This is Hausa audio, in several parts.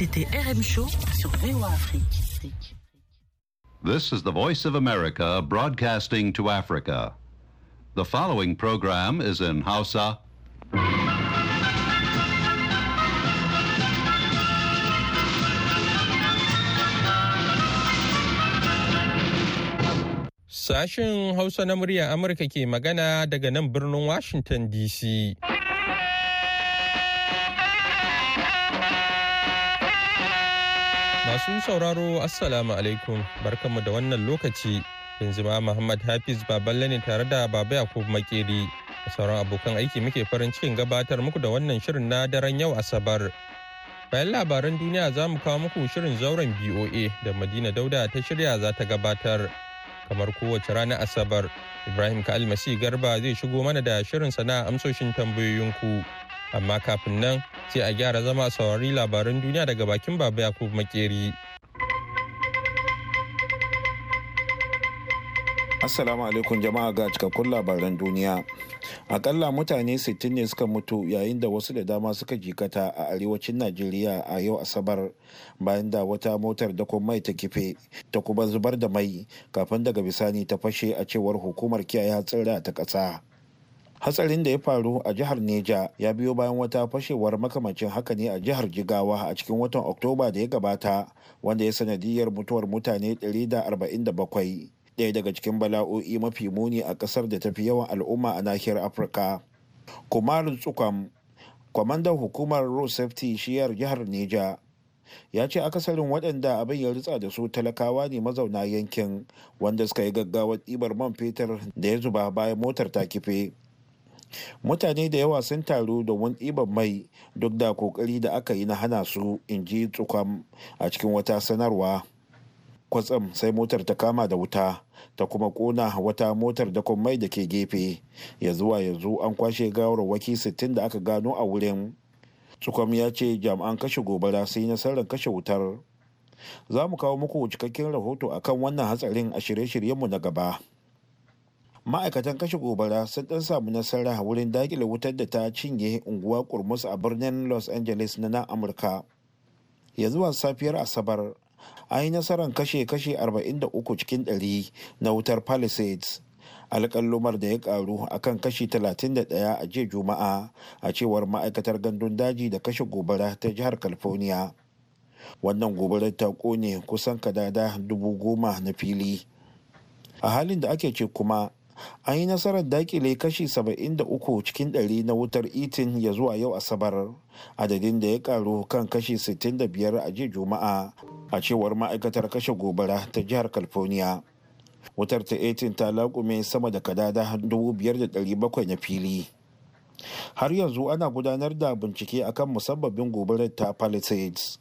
C'était RM Show sur VOA Afrique. This is the Voice of America broadcasting to Africa. The following program is in Hausa. Sashen Hausa na murya Amurka ke magana daga nan birnin Washington DC. Masu sauraro Assalamu alaikum barkanmu da wannan lokaci yanzu ma Muhammad Hafiz Baballe ne tare da Baba Yakub Makeri a sauran abokan aiki muke farin cikin gabatar muku da wannan shirin na daren yau Asabar. Bayan labaran duniya za mu kawo muku shirin zauren BOA da Madina Dauda ta shirya za ta gabatar. Kamar kowace ranar Asabar, Ibrahim ka almasi Garba zai shigo mana da shirin sana amsoshin tambayoyinku. Amma kafin nan sai a gyara zama saurari labaran duniya daga bakin baba yakubu makeri assalamu alaikum jama'a ga cikakkun labaran duniya akalla mutane 60 ne suka mutu yayin da wasu da dama suka jikata a arewacin najeriya a yau asabar bayan da wata motar da mai ta kife ta kuma zubar da mai kafin daga bisani ta fashe a cewar hukumar kiyaye a ta ƙasa hatsarin da ya faru a jihar neja ya biyo bayan wata fashewar makamacin haka ne a jihar jigawa a cikin watan oktoba da ya gabata wanda ya sanadiyar mutuwar mutane 147 ɗaya daga cikin bala'o'i mafi muni a ƙasar da tafi yawan al'umma a nahiyar afirka kumar tsukam kwamandan hukumar road safety shiyar jihar neja ya ce akasarin waɗanda abin ya ritsa da su talakawa ne mazauna yankin wanda suka yi gaggawar ɗibar man fetur da ya zuba bayan motar ta kife mutane da yawa sun taru domin ɗiban mai duk da kokari da aka yi na hana su in ji tsukam a cikin wata sanarwa kwatsam sai motar ta kama da wuta ta kuma kona wata motar da mai da ke gefe ya zuwa yanzu an kwashe gawar waki 60 da aka gano a wurin tsukwam ya ce jami'an kashe gobara sai nasarar kashe wutar za mu kawo muku cikakken rahoto akan wannan hatsarin a shirye-shiryenmu na gaba ma'aikatan kashe gobara sun ɗan samu nasara wurin dakile wutar da ta cinye unguwa kurmus a birnin los angeles na na amurka ya zuwa safiyar asabar a yi nasarar kashe kashe 43 cikin 100 na wutar palisades alƙalumar da ya karu kan kashi 31 a jiya juma'a a cewar ma'aikatar gandun daji da kashe gobara ta jihar california wannan gobarar ta kone kusan kadada dubu goma na fili a halin da ake ce kuma an yi nasarar dakile kashi 73 cikin ɗari na wutar itin ya zuwa yau asabar adadin da ya karu kan kashi 65 a jiya juma'a a cewar ma'aikatar kashe gobara ta jihar california wutar ta 18 ta laƙume sama da kadada 5,700 na fili har yanzu ana gudanar da bincike akan musabbabin gobarar ta palisades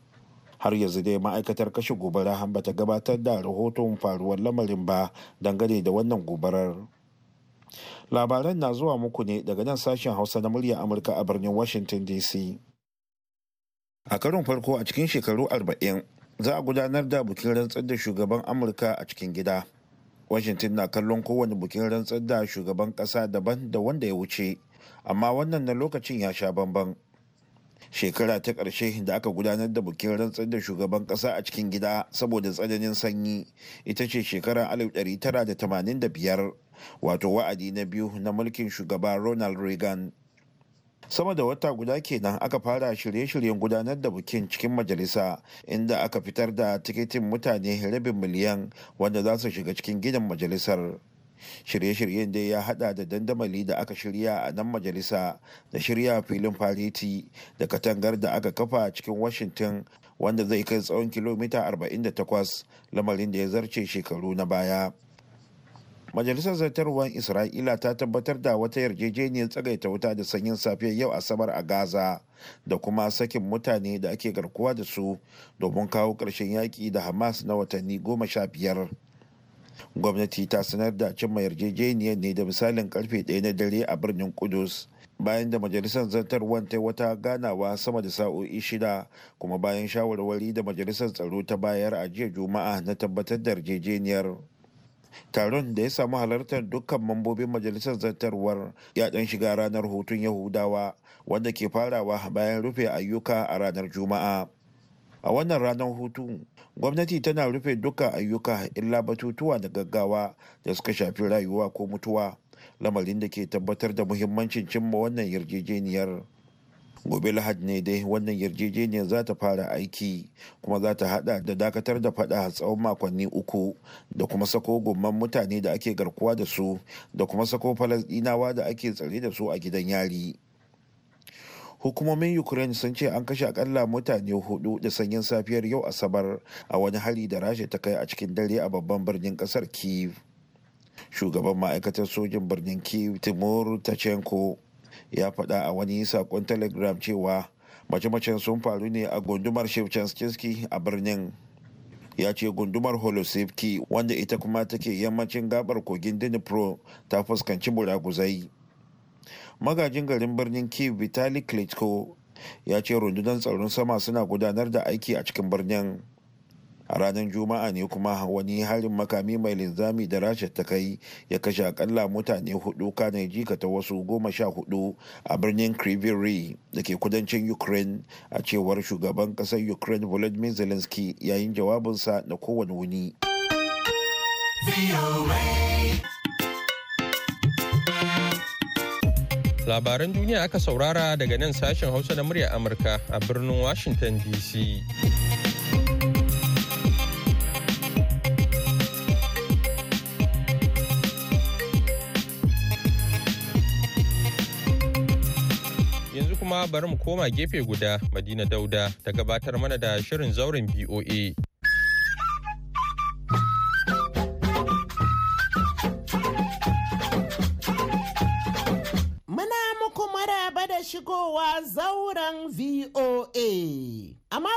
har yanzu dai ma'aikatar kashe gobara bata gabatar da rahoton faruwar lamarin ba dangane da wannan gobarar labaran na zuwa muku ne daga nan sashen hausa na murya amurka a birnin washington dc a karon farko a cikin shekaru 40 za a gudanar da bukin rantsar da shugaban amurka a cikin gida washington na kallon kowane bukin rantsar da shugaban kasa daban da wanda ya wuce amma wannan na lokacin ya sha bamban shekara ta ƙarshe da aka gudanar da bukin rantsar da shugaban ƙasa a cikin gida saboda tsananin sanyi ita ce shekara 1985 wato wa'adi na biyu na mulkin shugaba ronald reagan sama da wata guda kenan aka fara shirye-shiryen gudanar da bukin cikin majalisa inda aka fitar da tiketin mutane rabin miliyan wanda za su shiga cikin gidan majalisar shirye-shiryen dai ya hada da dandamali da aka shirya a nan majalisa da shirya filin fariti da katangar da aka kafa cikin washington wanda zai kai tsawon kilomita 48 lamarin da ya zarce shekaru na baya majalisar zartarwar isra'ila ta tabbatar da wata yarjejeniyar tsagaita wuta da sanyin safiyar yau asabar a gaza da kuma sakin mutane da ake garkuwa da su domin kawo ƙarshen yaƙi da hamas na watanni goma sha biyar gwamnati ta sanar da cimma yarjejeniyar ne da misalin karfe 1 na dare a birnin kudus bayan da majalisar zartarwar ta wata ganawa sama da sa'o'i shida kuma bayan shawarwari da majalisar tsaro ta bayar a jiya juma'a na tabbatar da yarjejeniyar taron da ya samu halartar dukkan mambobin majalisar zartarwar ya dan shiga ranar hutun yahudawa wanda ke farawa bayan rufe ayyuka a ranar juma'a a wannan ranar hutu gwamnati tana rufe duka ayyuka illa batutuwa da gaggawa da suka shafi rayuwa ko mutuwa lamarin da ke tabbatar da muhimmancin cimma wannan yarjejeniyar gobe lahad ne dai wannan yarjejeniyar za ta fara aiki kuma za ta hada da dakatar da fada tsawon makonni uku da kuma sako gomman mutane da ake garkuwa da su da kuma sako falasdinawa da ake tsare da su a gidan yari hukumomin ukraine sun ce an kashe akalla mutane hudu da sanyin safiyar yau asabar a wani hali da rasha ta kai a cikin dare a babban birnin kasar kiev shugaban ma'aikatar sojin birnin kiev timur tachenko ya faɗa a wani saƙon telegram cewa mace-macen sun faru ne a gundumar shevchenskinski a birnin ya ce gundumar holosevki wanda ita kuma take yammacin gabar kogin dnipro ta fuskanci buraguzai magajin garin birnin kiev vitali klitko ya ce rundunar tsaron sama suna gudanar da aiki a cikin birnin a ranar juma'a ne kuma wani harin makami mai linzami da rasha ta kai ya kashe akalla mutane hudu kana jika ta wasu goma sha hudu a birnin kriviri da ke kudancin ukraine a cewar shugaban kasar ukraine volodymyr zelensky yayin jawabinsa na kowane wuni. Labaran duniya aka saurara daga nan sashen Hausa na murya Amurka a birnin Washington DC. Yanzu kuma bari mu koma gefe guda Madina Dauda ta gabatar mana da shirin zauren BOA.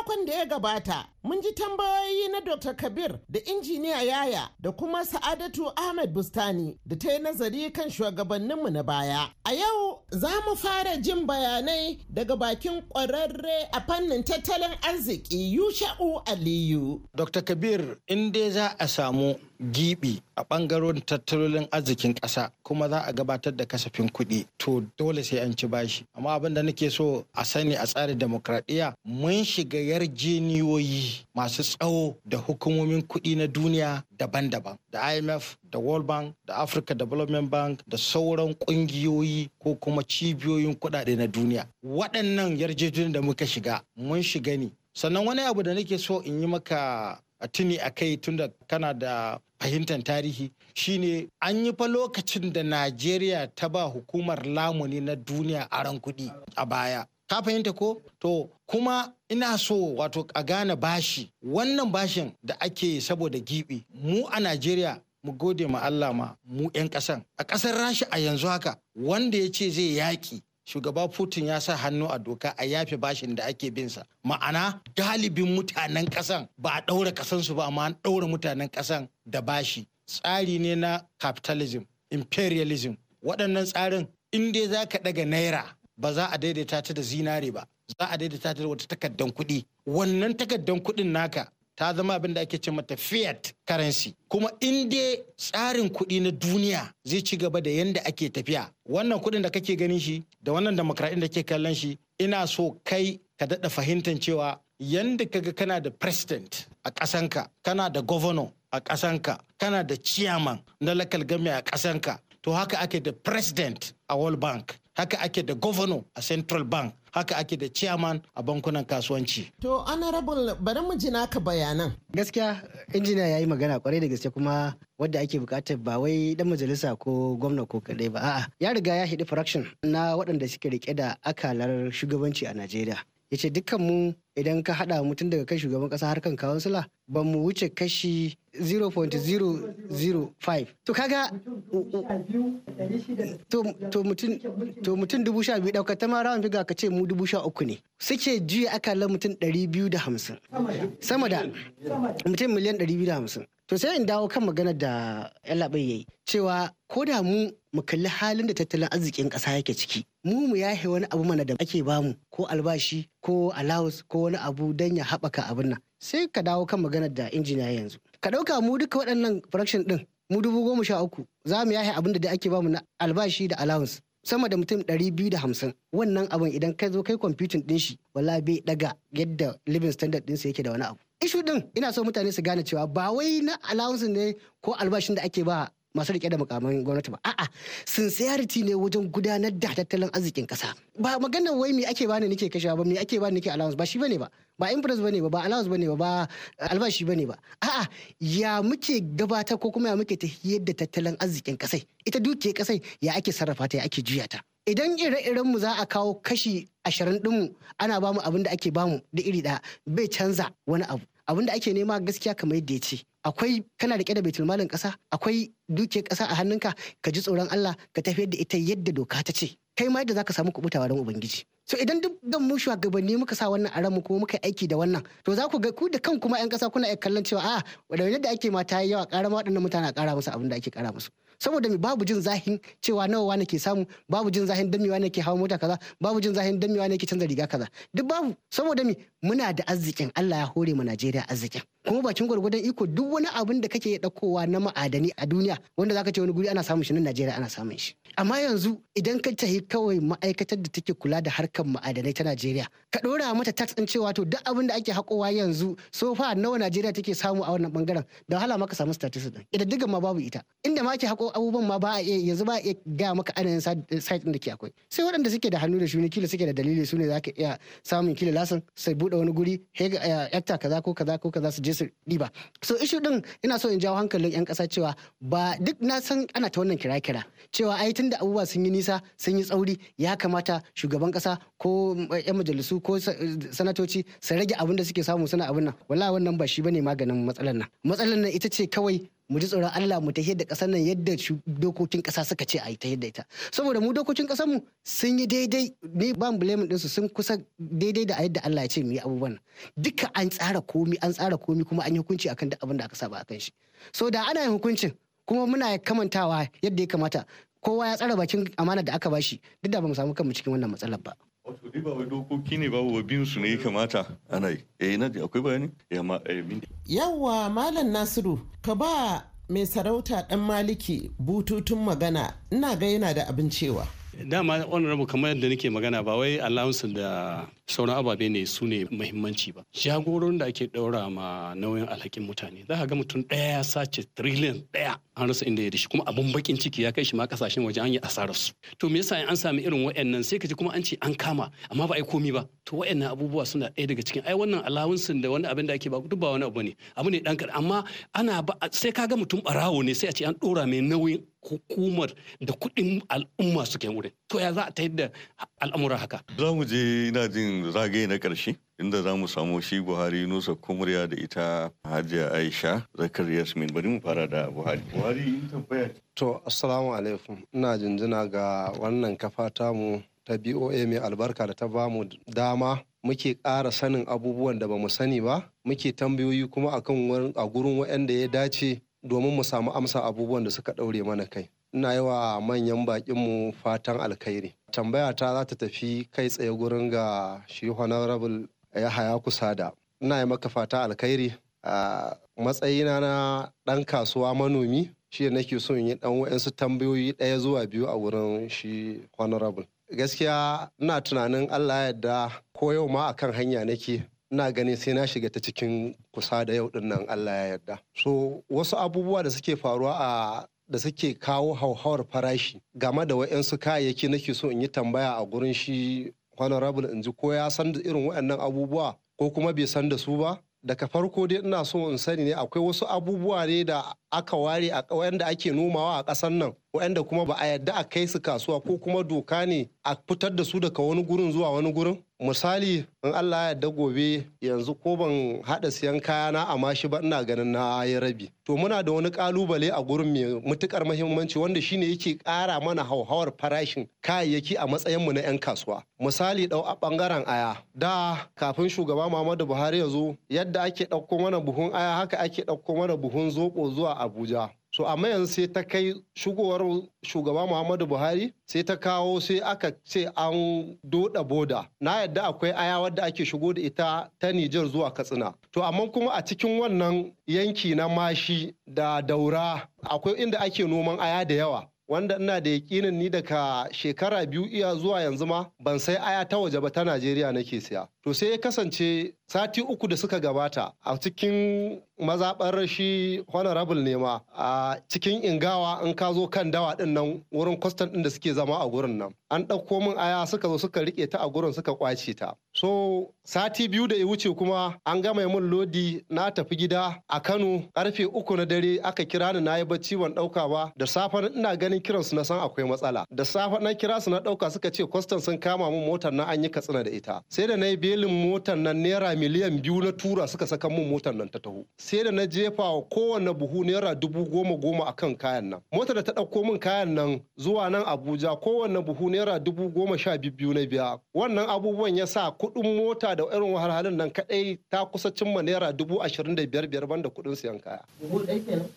makon da ya gabata mun ji tambayoyi na dr kabir da injiniya yaya da kuma sa'adatu ahmed bustani da ta yi nazari kan shugabanninmu na baya a yau za mu fara jin bayanai daga bakin ƙwararre a fannin tattalin arziki yusha'u aliyu dr kabir in dai za a samu gibi a ɓangaren tattalolin arzikin ƙasa kuma za a gabatar da kasafin kuɗi to dole sai an ci bashi amma abin da nake so a sani a tsarin demokradiyya mun shiga yarjeniyoyi masu tsawo da hukumomin kuɗi na duniya daban-daban da imf da world bank da africa development bank da sauran ƙungiyoyi ko kuma cibiyoyin kuɗaɗe na duniya waɗannan yarjejeniyar da muka shiga mun shiga ne sannan wani abu da nake so in yi maka a tuni a kai tunda kana da fahimtar tarihi shine an yi fa lokacin da najeriya ta ba hukumar lamuni na duniya aron kuɗi a baya ka fahimta ko to kuma ina so wato a gane bashi wannan bashin da ake saboda giɓi mu a najeriya mu gode ma allah ma mu 'yan kasan a ƙasar rashi a yanzu haka wanda ya ce zai yaƙi shugaba putin ya sa hannu a doka a yafe bashin da ake binsa ma'ana galibin mutanen ƙasan ba a ɗaura kasansu ba amma an ɗaura mutanen ƙasan da bashi tsari ne na capitalism imperialism waɗannan tsarin in za ka ɗaga naira ba za a daidaita ta da zinare ba za a daidaita ta da wata takardar kuɗi wannan takardar kuɗin naka ta zama abin da ake ce mata fiat currency kuma in dai tsarin kuɗi na duniya zai ci gaba da yanda ake tafiya wannan kuɗin da kake ganin shi da wannan demokradin da ke kallon shi ina so kai ka daɗa fahimtar cewa yanda kaga kana da president a ƙasanka kana da governor a ƙasanka kana da chairman na lakal gami a ƙasanka to haka ake da president a world bank haka ake da governor a central bank haka ake da chairman a bankunan kasuwanci. To honorable bari mu ji naka bayanan. Gaskiya injiniya ya yi magana kwarai da gaske kuma wadda ake bukatar ba wai dan majalisa ko gwamna ko kadai ba a'a ya riga ya hidi fraction na waɗanda suke rike da akalar shugabanci a Najeriya. yace ce dukkan mu idan ka hada mutum daga kan shugaban kasa har kan kawansula. ba mu wuce kashi 0.005 to kaga to mutum dubu sha biyu daukar ta mara figa ka ce mu dubu sha uku ne suke juya akalar mutum 250 sama da mutum miliyan 250 to sai in dawo kan magana da ya yayi cewa ko da mu mu kalli halin da tattalin arzikin ƙasa yake ciki mu mu yahe wani abu mana da ake bamu ko albashi ko allowance ko wani abu don ya haɓaka abin nan sai ka dawo kan maganar da injiniya yanzu ka ɗauka mu duka waɗannan production ɗin mu dubu goma sha uku za mu yahe abin da ake bamu na albashi da allowance sama da mutum ɗari biyu da hamsin wannan abin idan kai zo kai kwamfutin din shi wala bai ɗaga yadda living standard ɗinsa yake da wani abu ishu din ina so mutane su gane cewa ba wai na allowance ne ko albashin da ake ba masu rike da mukamin gwamnati ba a'a sincerity ne wajen gudanar da tattalin arzikin kasa ba maganar wai me ake bani nake kashewa ba me ake bani nake allowance ba shi bane ba ba impress bane ba ba allowance bane ba ba albashi bane ba a'a ya muke gabatar ko kuma ya muke tafiyar da tattalin arzikin kasa ita duke kasa ya ake sarrafa ta ya ake juya ta idan ire-iren mu za a kawo kashi ashirin dinmu ana bamu abin da ake bamu da iri ɗaya bai canza wani abu abin da ake nema gaskiya kamar yadda ya ce akwai kana rike da baitul malin kasa akwai dukiyar kasa a hannunka ka ji tsoron Allah ka tafiyar da ita yadda doka ta ce kai ma yadda zaka samu kubutawa don ubangiji so idan duk da mu shugabanni muka sa wannan a kuma muka aiki da wannan to za ku ga ku da kan kuma yan kasa kuna iya kallon cewa a ah, wadanda yadda ake mata yi yawa ƙara ma waɗannan mutane a kara musu abin da ake kara musu saboda mi babu jin zahin cewa nawa wani ke samu babu jin zahin dan wani ke hawa mota kaza babu jin zahin dan wani ke canza riga kaza duk babu saboda mi muna da arzikin Allah ya hore mu Najeriya arzikin kuma bakin gurgurdan iko duk wani abin da kake dakowa na ma'adani a duniya wanda zaka ce wani guri ana samun shi nan Najeriya ana samun shi amma yanzu idan ka yi kawai ma'aikatar da take kula da harkar ma'adanai ta Najeriya ka ɗora mata tax din cewa to duk abin da ake hakowa yanzu so fa nawa Najeriya take samu a wannan bangaren da wahala maka samu status din idan diga ma babu ita inda ma ake hako abubuwan ma ba a iya yanzu ba a iya ga maka anan site ɗin da ke akwai sai waɗanda suke da hannu da shuni kila suke da dalili su ne za iya samun kila lasan sai buɗe wani guri hekta eh, kaza ko kaza ko kaza su je su ɗiba so ishu din ina so in jawo hankalin 'yan kasa cewa ba duk na san ana ta wannan kira-kira cewa ai da abubuwa sun yi nisa sun yi tsauri ya kamata shugaban kasa ko yan mm, eh, majalisu ko eh, sanatoci su rage abin da suke samu suna abin nan wala wannan ba shi bane maganin matsalar nan matsalar nan ita ce kawai mu ji tsoron Allah mu tafi da kasar nan yadda dokokin kasa suka ce a yi ta yadda ita saboda mu dokokin kasar mu sun yi daidai ni ban blame din su sun kusa daidai da yadda Allah ya ce mu yi abubuwan duka an tsara komi an tsara komi kuma an yi hukunci akan duk abin da aka saba akan shi so da ana yin hukuncin kuma muna kamantawa yadda ya kamata kowa ya tsara bakin amana da aka bashi duk da ba mu samu kanmu cikin wannan matsalar ba wato dai ba wai dokoki ne babu wabin su ne ya kamata ana yi eh na akwai bayani eh, eh, yawwa malam nasiru ka ba mai sarauta dan maliki bututun magana ina ga yana da abin cewa dama rabu kamar yadda nake magana ba wai allahunsu da sauran ababe ne su ne muhimmanci ba jagoron da ake daura ma nauyin alhakin mutane za ka ga mutum ɗaya ya sace trillion ɗaya an rasa inda ya dashi kuma abun bakin ciki ya kai shi ma kasashen waje an yi asarar su to me yasa an sami irin waɗannan sai ka ji kuma an ce an kama amma ba ai komi ba to waɗannan abubuwa suna ɗaya daga cikin ai wannan alawunsin da wani abin da ake ba duk ba wani abu ne abu ne ɗan amma ana ba sai ka ga mutum ɓarawo ne sai a ce an ɗora mai nauyin hukumar da kuɗin al'umma suke wurin ko ya za a ta yadda al'amuran haka. Za mu je ina jin zagaye na ƙarshe inda za mu samu shi Buhari Nusa Kumriya da ita Hajiya Aisha Zakar Yasmin bari mu fara da Buhari. Buhari in tambaya. To assalamu alaikum ina jinjina ga wannan kafa mu ta BOA mai albarka da ta bamu dama muke ƙara sanin abubuwan da ba mu sani ba muke tambayoyi kuma akan a gurin waɗanda ya dace domin mu samu amsa abubuwan da suka ɗaure mana kai. ina yi wa manyan baƙinmu fatan alkhairi tambaya ta za ta tafi kai tsaye gurin ga shi honorable kusa da ina yi maka fata alkhairi a matsayina na ɗan kasuwa manomi shi nake so in yi ɗan wa'yansu tambayoyi ɗaya zuwa biyu a wurin shi honorable gaskiya ina tunanin allah ya yarda ko yau ma akan hanya nake ina ganin sai na shiga ta cikin kusa da yau dinnan Allah ya yarda. So wasu abubuwa da suke faruwa a da suke kawo hauhawar farashi game da wa'yansu kayayyaki nake so in yi tambaya a gurin shi honorable in ji ko ya san da irin waɗannan abubuwa ko kuma bai san da su ba daga farko dai ina so in sani ne akwai wasu abubuwa ne da aka ware a wanda ake nomawa a ƙasar nan wanda kuma ba a yadda a kai su kasuwa ko kuma doka ne a fitar da su daga wani gurin zuwa wani gurin misali in Allah ya yarda gobe yanzu ko ban haɗa siyan kayana a mashi ba ina ganin na yi rabi to muna da wani kalubale a gurin mai mutukar muhimmanci wanda shine yake kara mana hauhawar farashin kayayyaki a matsayin mu na 'yan kasuwa misali ɗau a ɓangaren aya da kafin shugaba Muhammadu Buhari ya zo yadda ake ɗauko mana buhun aya haka ake ɗauko mana buhun zoɓo zuwa abuja so amma yanzu sai ta kai shigowar shugaba muhammadu buhari sai ta kawo sai aka ce an doda boda na yadda akwai aya wadda ake shigo da ita ta nijar zuwa katsina to amma kuma a cikin wannan yanki na mashi da daura akwai inda ake noman aya da yawa wanda ina da yakinin ni daga shekara biyu iya zuwa yanzu ma ban sai aya ta waje ba ta Najeriya nake siya. To sai ya kasance sati uku da suka gabata a cikin mazaɓar shi honorable ne a cikin ingawa in ka zo kan dawa ɗin nan wurin kwastan ɗin da suke zama a gurin nan. An ɗauko min aya suka zo suka riƙe ta a gurin suka ƙwace ta. So sati biyu da ya wuce kuma an gama mun lodi na tafi gida a Kano karfe uku na dare aka kira ni na yi bacci ban ɗauka ba da safe ina ganin kiran su na san akwai matsala. Da safe na kira su na ɗauka suka ce kwastan sun kama min motar na an yi katsina da ita. Sai da na yi belin motar nan naira miliyan biyu na tura suka saka mun motar nan ta taho sai da na jefa wa kowane buhu naira dubu goma goma akan kayan nan motar da ta ɗauko min kayan nan zuwa nan abuja kowane buhu naira dubu goma sha biyu na biya wannan abubuwan ya sa kuɗin mota da irin wahalhalun nan kaɗai ta kusa cimma naira dubu ashirin da biyar biyar banda kuɗin siyan kaya. Buhu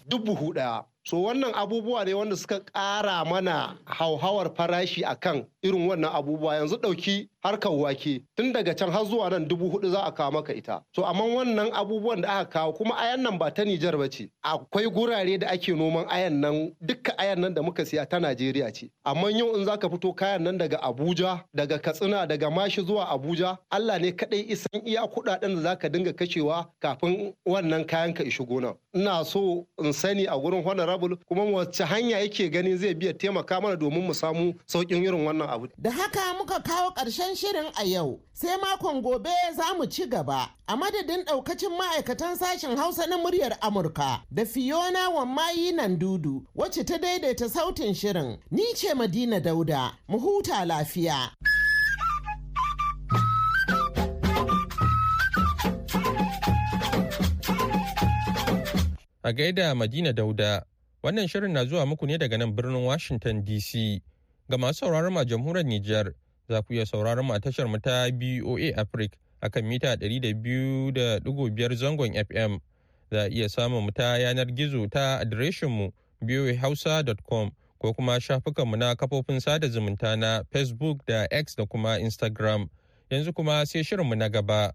Duk buhu ɗaya. so wannan abubuwa ne wanda suka ƙara mana hauhawar farashi a kan irin wannan abubuwa yanzu ɗauki harkar wake tun daga can har zuwa nan dubu hudu za a kawo maka ita so amma wannan abubuwan da aka kawo kuma ayan nan ba ta Nijar ba ce akwai gurare da ake noman ayan nan dukka ayan nan da muka siya ta Najeriya ce amma yau in zaka fito kayan nan daga Abuja daga Katsina daga Mashi zuwa Abuja Allah ne kadai isan iya kudaden da zaka dinga kashewa kafin wannan kayan ka ishi gona ina so in sani a gurin honorable travel kuma wacce hanya yake gani zai biya taimaka mana domin mu samu saukin irin wannan abu da haka muka kawo ƙarshen shirin a yau sai makon gobe za mu ci gaba a madadin ɗaukacin ma'aikatan sashen hausa na muryar amurka da fiona wammayi nan dudu wacce ta daidaita sautin shirin ni ce madina dauda mu huta lafiya a gaida Madina Dauda. Wannan shirin na zuwa muku ne daga nan birnin Washington DC. Ga masu sauraron ma jamhuriyar Nijar za ku iya sauraron ma tashar mu ta BOA Africa akan mita 200.5 zangon FM. Za a iya samun mu ta yanar gizo ta adireshin mu boahausa.com ko kuma shafukanmu na kafofin sada zumunta na Facebook da X da kuma Instagram. Yanzu kuma sai shirin mu na gaba.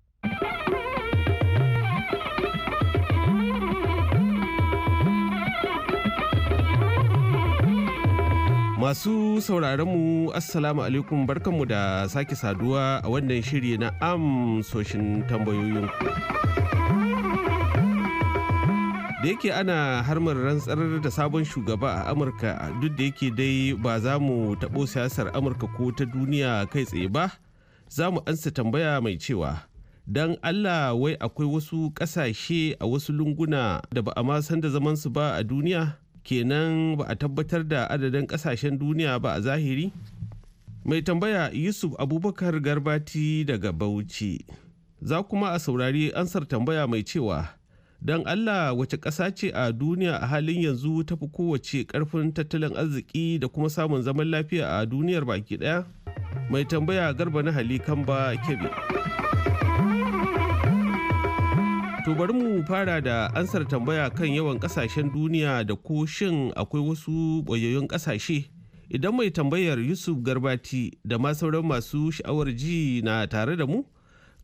Masu sauraronmu Assalamu alaikum barkanmu da sake saduwa a wannan shiri na amsoshin tambayoyin. Da yake ana harmar rantsar da sabon shugaba a Amurka duk da yake dai ba za mu taɓo siyasar Amurka ko ta duniya kai tsaye ba, za mu ansa tambaya mai cewa. don Allah wai akwai wasu ƙasashe a wasu lunguna da ba a ma san da zamansu ba a duniya? kenan ba a tabbatar da adadin kasashen duniya ba a zahiri mai tambaya yusuf abubakar garbati daga bauchi za kuma a saurari ansar tambaya mai cewa don allah wace ƙasa ce a duniya a halin yanzu ta fi kowace ƙarfin tattalin arziki da kuma samun zaman lafiya a duniyar baki ɗaya mai tambaya garba na hali kamba kebe To bari mu fara da ansar tambaya kan yawan kasashen duniya da ko shin akwai wasu ɓoyayyun kasashe. Idan mai tambayar Yusuf Garbati da ma sauran masu sha'awar ji na tare da mu?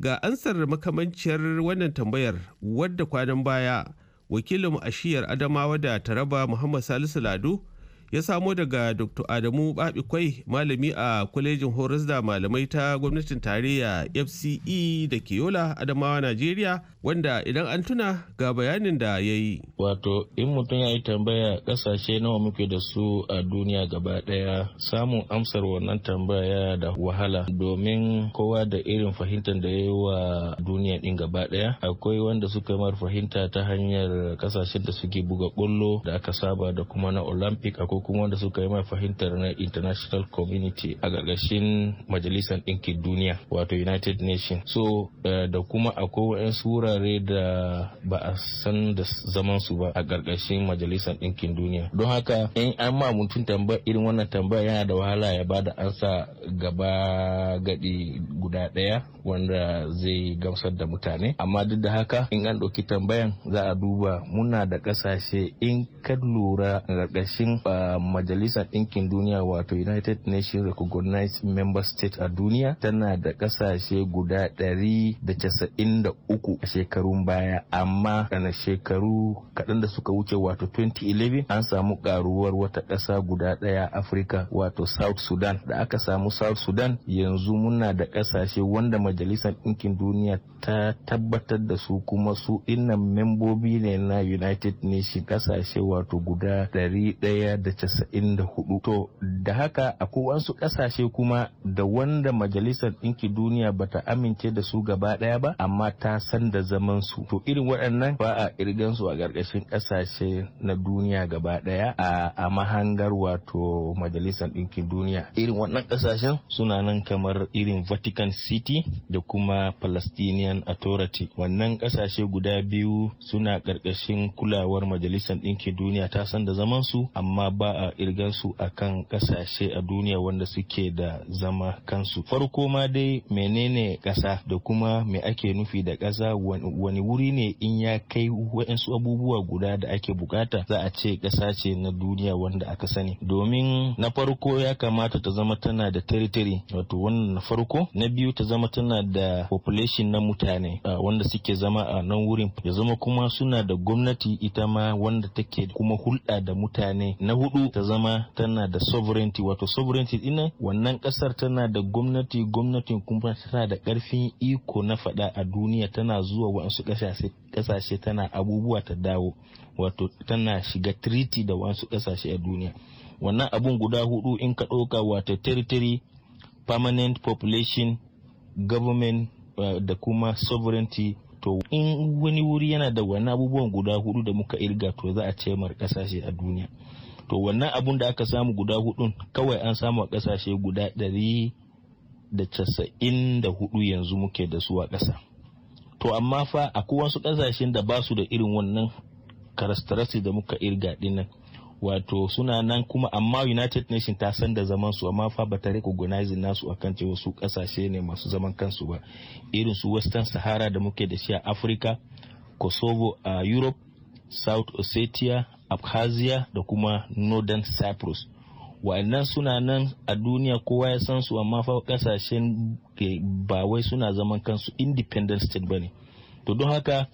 Ga ansar makamanciyar wannan tambayar wadda kwanan baya wakilin ashiyar Adamawa da Taraba Muhammad Salisu Lado ya samo daga dr adamu babikwai malami a kwalejin horas da malamai ta gwamnatin tarayya fce da ke yola adamawa najeriya wanda idan an tuna ga bayanin da ya yi wato in mutum ya yi tambaya kasashe nawa muke da su a duniya gaba daya samun amsar wannan tambaya da wahala domin kowa da irin fahimtar da ya yi wa duniya din gaba daya akwai wanda suka mar fahimta ta hanyar kasashen da suke buga kullo da aka saba da kuma na olympic ko kuma wanda suka yi mai fahimtar na international community a gargashin majalisar ɗinkin duniya wato united nations so eh, da kuma akwai wa'yansu wurare da ba a san da zaman su ba a gargashin majalisar ɗinkin duniya don haka in an ma mutum tambaya irin wannan tambaya yana da wahala ya bada ansa gaba gadi guda ɗaya wanda zai gamsar da mutane amma duk da haka in an ɗauki tambayan za a duba muna da ƙasashe in ka lura a gargashin eh, da majalisar ɗinkin duniya wato united nations recognized member state a duniya tana da ƙasashe guda 193 a shekarun baya amma kana shekaru kaɗan da suka wuce wato 2011 an samu ƙaruwar wata ƙasa guda ɗaya afirka wato south sudan da aka samu south sudan yanzu muna da ƙasashe wanda majalisar ɗinkin duniya ta tabbatar da su kuma su innan membobi ne na united nations ƙasashe wato guda ɗari ɗaya da Casa'in da hudu. to da haka akwai wasu ƙasashe kuma da wanda majalisar ɗinki duniya bata amince da su gaba ɗaya ba amma ta san da zaman su to irin waɗannan ba a irgan su a ƙarƙashin ƙasashe na duniya gaba ɗaya a mahangar wato majalisar ɗinkin duniya irin wannan kasashen suna nan kamar irin vatican city da kuma palestinian authority wannan ƙasashe guda biyu suna ƙarƙashin kulawar majalisar ɗinkin duniya ta san da zaman su amma ba ba a irga su a kan kasashe a duniya wanda suke da zama kansu farko ma dai menene ƙasa da kuma me ake nufi da ƙasa wani wuri ne in ya kai waɗansu abubuwa guda da ake bukata za a ce kasa ce na duniya wanda aka sani domin na farko ya kamata ta zama tana da territory wato wannan na farko na biyu ta zama tana da population na mutane wanda suke zama a nan wurin ya zama kuma suna da gwamnati ita ma wanda take kuma hulɗa da mutane na hudu hudu ta zama tana da sovereignty wato sovereignty ina wannan kasar tana da gwamnati gwamnatin kuma tana da karfin iko na fada a duniya tana zuwa wasu kasashe tana abubuwa ta dawo wato tana shiga treaty da wasu kasashe a duniya wannan abun guda hudu in ka ɗauka wato territory permanent population government uh, da kuma sovereignty to in wani wuri yana da wani abubuwan guda hudu da muka irga to za a ce mar kasashe a duniya to wannan abun da aka samu guda hudun kawai an samu a kasashe guda ɗari da casa'in da hudu yanzu muke da su a ƙasa to amma fa a wasu kasashen da ba su da irin wannan karastarasi da muka irga dinnan wato suna nan kuma amma united nation ta san da zaman su amma fa ba bata recognize nasu akan cewa su kasashe ne masu zaman kansu ba irin su western sahara da muke da shi a africa kosovo a europe south ossetia abkhazia da kuma northern cyprus wa'annan suna nan a duniya kowa ya san su amma fa kasashen ba wai suna zaman kansu independent state bane to don haka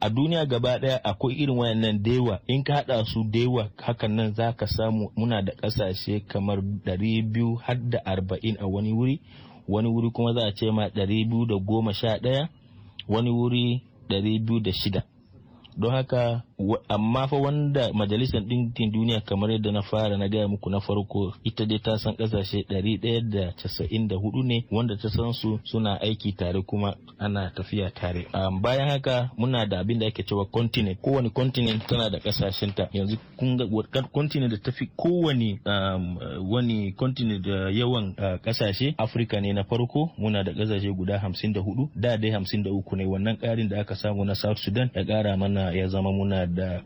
a duniya gaba daya akwai irin wayannan dewa in ka hada su dewa hakan nan za ka samu muna da kasashe kamar 200 har da 40 a wani wuri wani wuri kuma za a ce ma 211 wani wuri 206 don haka amma fa wanda majalisar ɗinkin duniya kamar yadda na fara na gaya muku na farko ita dai ta san ƙasashe 194 ne wanda ta san su suna aiki tare kuma ana tafiya tare bayan haka muna da abin da ake cewa continent kowane continent tana da ƙasashen ta yanzu kun ga continent da tafi kowane wani continent da yawan kasashe. ƙasashe Afirka ne na farko muna da ƙasashe guda 54 da dai 53 ne wannan ƙarin da aka samu na South Sudan da ƙara mana ya zama muna da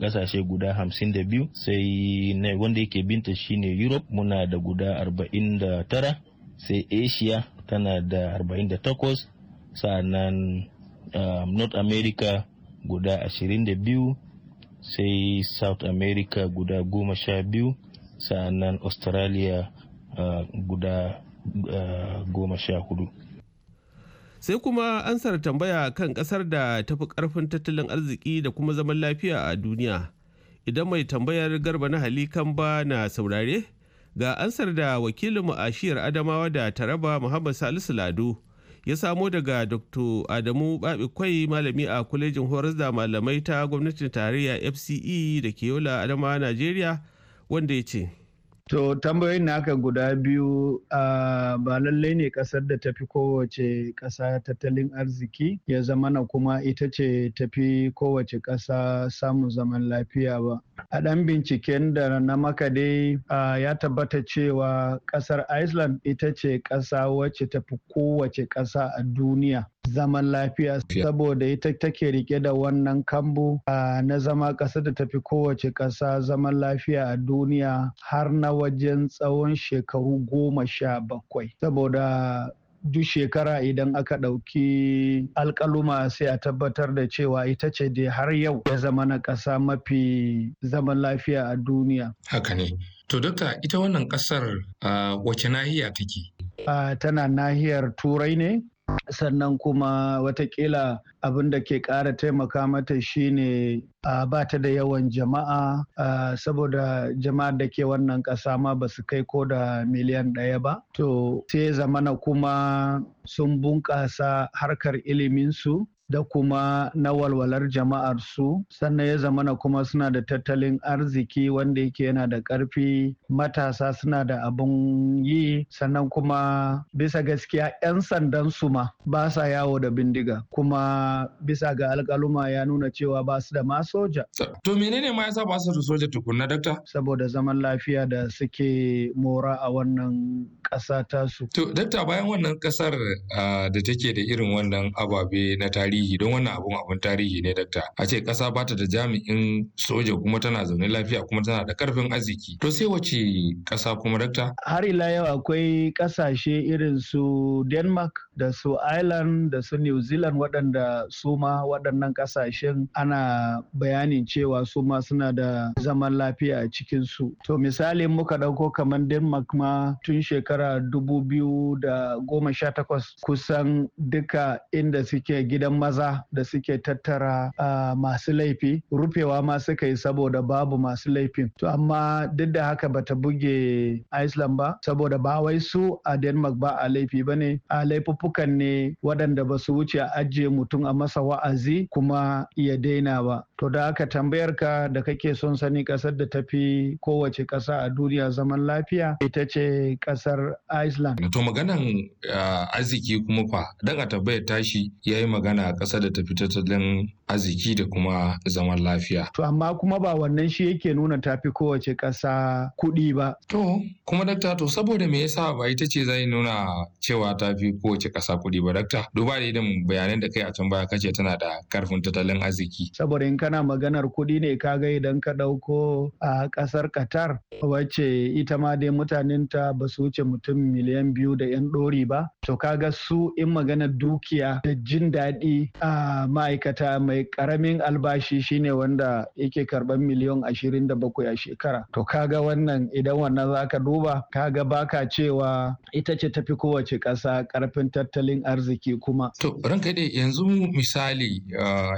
kasashe guda hamsin da biyu sai wanda yake binta shine europe muna da guda arba'in da tara sai asia tana da arba'in da takwas um, north america guda ashirin da biyu sai south america guda goma sha biyu sa'annan australia uh, guda uh, goma sha hudu sai kuma ansar tambaya kan kasar da tafi karfin tattalin arziki da kuma zaman lafiya a duniya idan mai tambayar garba na halikan ba na saurare ga ansar da wakilinmu a shiyar adamawa da taraba muhammad salisu lado ya samo daga dr adamu kwai malami a kwalejin horas da malamai ta gwamnatin tarayya fce da keola adamawa najeriya wanda ya ce To tambayoyin naka guda biyu ba lallai ne ƙasar da tafi kowace ƙasa tattalin arziki ya zama na kuma ita ce tafi kowace ƙasa samun zaman lafiya ba. A ɗan binciken da na maka dai ya tabbata cewa ƙasar Iceland ita ce ƙasa wacce tafi kowace ƙasa a duniya zaman lafiya saboda ita take rike da wannan kambu na zama ƙasa da tafi kowace ƙasa zaman lafiya a duniya har na wajen tsawon shekaru goma sha bakwai saboda duk shekara idan aka ɗauki alkaluma sai a tabbatar da cewa ita ce dai har yau ya zama na ƙasa mafi zaman lafiya a duniya. Haka ne. To, dokta ita wannan ƙasar wace nahiya take? tana nahiyar Turai ne, sannan kuma watakila abin da ke ƙara taimaka mata shine a ba ta da yawan jama'a saboda jama'a da ke wannan ƙasa ma ba su kai ko da miliyan ɗaya ba to sai zamana kuma sun bunƙasa harkar iliminsu da kuma na walwalar jama'ar su sannan ya zamana kuma suna da tattalin arziki wanda yake yana da ƙarfi matasa suna da abin yi sannan kuma bisa gaskiya 'yan sandan su ma ba sa yawo da bindiga kuma bisa ga alƙaluma ya nuna cewa ba su da ma soja. To menene ma yasa ba su da soja tukunna dakta? Saboda zaman lafiya da suke mora a wannan ƙasa ta su. To, dakta bayan wannan ƙasar da take da irin wannan ababe na tarihi don wannan abun abun tarihi ne dakta. A ce ƙasa bata da jami'in soja kuma tana zaune lafiya kuma tana da ƙarfin arziki. To sai wace ƙasa kuma dakta? Har ila yau akwai ƙasashe irin su Denmark da su Ireland da su New Zealand waɗanda su ma waɗannan ƙasashen ana bayanin cewa su ma suna da zaman lafiya a cikinsu. To misali muka ɗauko kamar Denmark ma tun shekara shekara 2018 kusan duka inda suke gidan maza da suke tattara uh, masu laifi rufewa ma suka yi saboda babu masu laifin to amma duk da haka bata buge Iceland ba saboda ba wai su a Denmark ba a laifi ba ne a laifuffukan ne waɗanda ba su wuce a ajiye mutum a masa wa'azi kuma ya daina ba to da haka tambayar ka da kake son sani ƙasar da tafi kowace ƙasa a duniya zaman lafiya ita ce ƙasar Iceland. To maganan ah, arziki kuma fa dan a tabbayar tashi ya yi magana a ƙasa da tafi tattalin arziki da kuma zaman lafiya. To amma kuma ba wannan shi yake nuna tafi kowace ƙasa kuɗi ba. To kuma dakta to saboda me yasa ba ita ce zai nuna cewa tafi kowace ƙasa kuɗi ba dakta duba da idan bayanan da kai a can baya kace tana da karfin tattalin arziki. Saboda in kana maganar kuɗi ne ka ga idan ka ɗauko a ah, ƙasar Qatar wacce ita ma dai mutanenta ba su wuce mutum miliyan biyu da 'yan ɗori ba to kaga su in magana dukiya da jin daɗi a ma'aikata mai ƙaramin albashi shine wanda yake karɓar miliyan ashirin da bakwai a shekara to kaga wannan idan wannan za ka duba kaga baka cewa ita ce tafi kowace ƙasa ƙarfin tattalin arziki kuma to ranka yanzu misali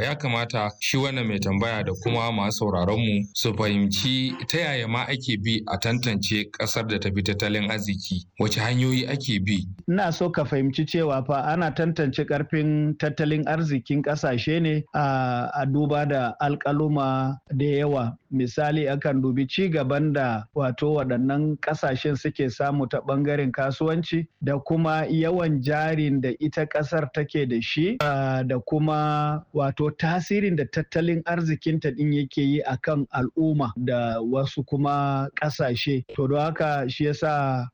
ya kamata shi wannan mai tambaya da kuma masu sauraron mu su fahimci ta yaya ma ake bi a tantance ƙasar da tafi tattalin arziki wace hanyoyi ake bi? Ina so ka fahimci cewa fa ana tantance karfin tattalin arzikin kasashe ne a duba da alkaluma da yawa. Misali akan dubi ci gaban da wato waɗannan kasashen suke samu ta ɓangaren kasuwanci da kuma yawan jarin da ita ƙasar take da shi da kuma wato tasirin da tattalin arzikinta ɗin yake yi akan al'umma da wasu kuma ƙasashe. To don haka shi yasa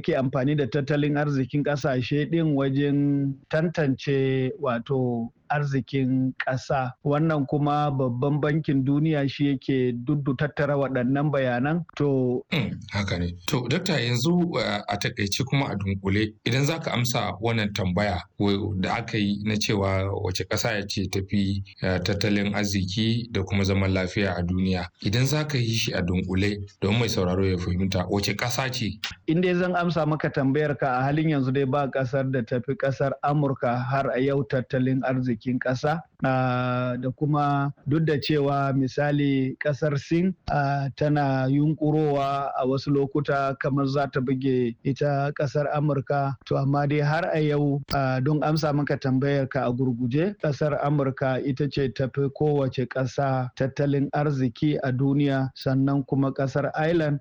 ake amfani da tattalin arzikin ƙasashe ɗin wajen tantance wato arzikin ƙasa wannan kuma babban bankin duniya shi yake duddu tattara waɗannan bayanan to hmm, haka ne to dakta yanzu eh, a takaice kuma a dunkule idan za ka amsa wannan tambaya da aka yi na cewa wace ƙasa ya ce tafi eh, tattalin arziki da kuma zaman lafiya a duniya idan za ka yi shi a dunkule don mai sauraro ya fahimta wace ƙasa ce in dai zan amsa maka tambayar ka a halin yanzu dai ba ƙasar da tafi ƙasar amurka har a yau tattalin arziki dokokin ƙasa Ah, da kuma duk da cewa misali kasar sin ah, tana yunkurowa a wasu lokuta kamar za ta buge ita kasar amurka to amma dai har a yau ah, don amsa maka tambayar ka a gurguje kasar amurka ita ce tafi kowace ƙasa tattalin arziki a duniya sannan kuma kasar Island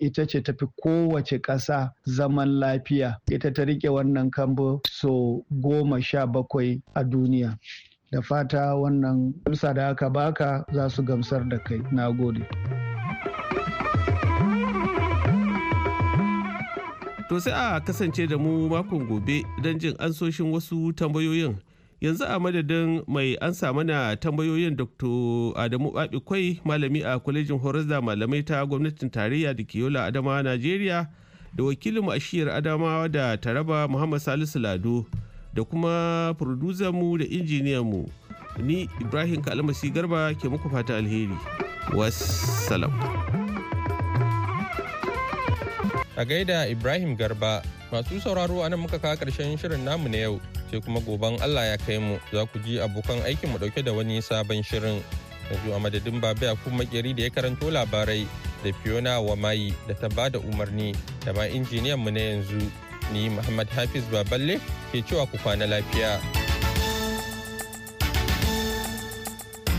ita ce tafi kowace ƙasa zaman lafiya ita ta rike wannan kambo so goma sha bakwai a duniya. da fata wannan amsa da aka baka za su gamsar da kai na gode to sai a kasance da mu makon gobe don jin ansoshin wasu tambayoyin yanzu a madadin mai ansa mana tambayoyin dr adamu babikwai malami a kwalejin horar da malamai ta gwamnatin tarayya da yola adama najeriya da wakilin ashiyar adamawa da taraba muhammad salisu lado da kuma mu da mu ni ibrahim kalmasi garba ke muku fata alheri wassalam a gaida ibrahim garba masu sauraro a nan muka kawo karshen shirin namu na yau sai kuma goben allah ya kai mu za ku ji abokan aikin mu dauke da wani sabon shirin yanzu a madadin babu ya kuma makeri da ya karanto labarai da fiona wa mayi da ta ba da umarni da ma mu na yanzu Ni Muhammad Hafiz Baballe ke cewa ku kwana lafiya.